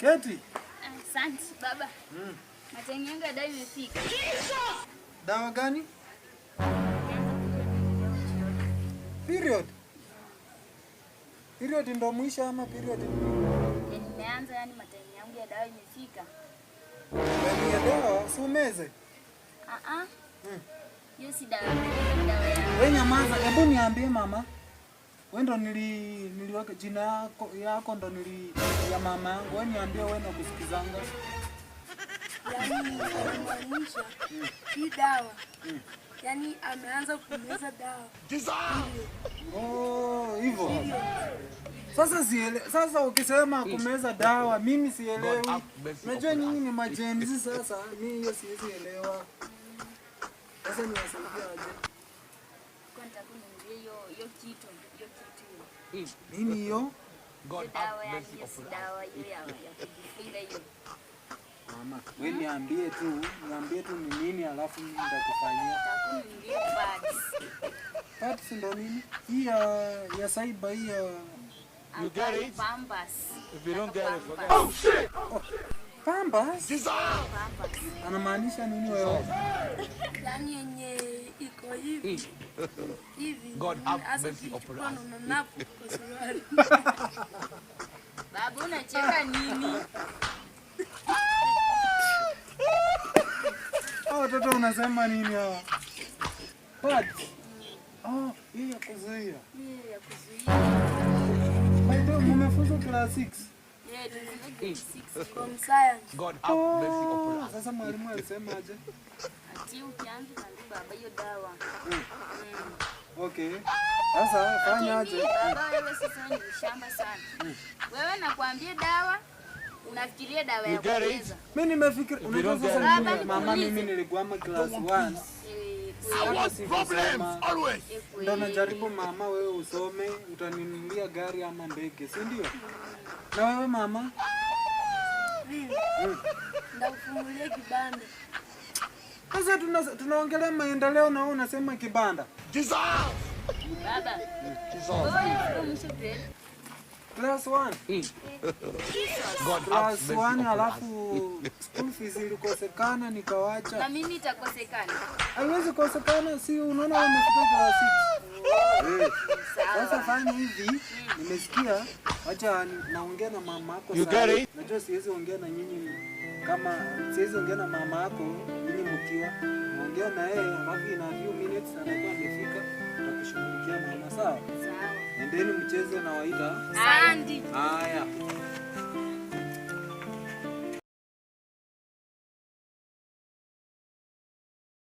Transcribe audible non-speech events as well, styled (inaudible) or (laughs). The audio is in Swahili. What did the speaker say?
Keti. Asante baba. Mm. Matani yangu ya dawa imefika. Dawa gani? Period. Period ndo mwisho ama period? Nimeanza yani matani yangu ya dawa imefika. Matani ya dawa si umeze? Ah ah. Mm. Hiyo si dawa, dawa ya. Wewe nyamaza, hebu niambie mama we ndo nili, niliweka jina yako, yako ndo nili ya mama yangu. Wewe niambie wewe na kusikizanga Yaani maanisha hii dawa Yaani ameanza kumeza dawa oh, hivyo. Oh, hivyo. sasa siele, sasa ukisema kumeza dawa mimi sielewi. Unajua nyinyi ni majenzi sasa, mimi hiyo siwezi elewa. Sasa niwasaidia aje? nini hiyo? God have mercy upon us. Mama, wewe niambie tu, niambie tu ni nini alafu mimi nitakufanyia. Pads ndo nini? Hii ya ya saiba hii ya You get it? Pampas. If you don't get it, forget. Oh, oh shit. Pampas. Pambas. Anamaanisha nini wewe? yani yenye iko hivi hivi, hasa (laughs) unacheka nini? Watoto unasema nini hawa? Oh, hii ya kuzuia. Hii ya kuzuia. class 6. Oh. Sasa mwalimu alisemaje? Ati ukianza na baba hiyo dawa. Mm. Okay. Mm. Sasa fanya aje? Wewe sasa ni mshamba sana. Mm. Wewe nakwambia dawa unafikiria dawa ya kupoteza. Mimi nimefikiria. Mama mimi nilikuwa class 1. I want problems always. Ndo najaribu mama, wewe usome, utaninulia gari ama ndege, si ndio? Na wewe mama, ndakufungulia kibanda. Sasa tunaongelea maendeleo na wewe unasema kibanda. Baba. Class 1. Mm. God class 1 alafu school fees ilikosekana nikawacha. Na mimi itakosekana. Haiwezi kosekana, si unaona wewe umefika class 6. Sasa fanya hivi, nimesikia acha naongea na mama yako sasa. Najua siwezi ongea na nyinyi kama siwezi ongea na mama yako ili mkiwa ongea na yeye, alafu in few minutes anakuwa amefika, tutakushughulikia mama sawa. Nendeni mcheze na Waida. Haya.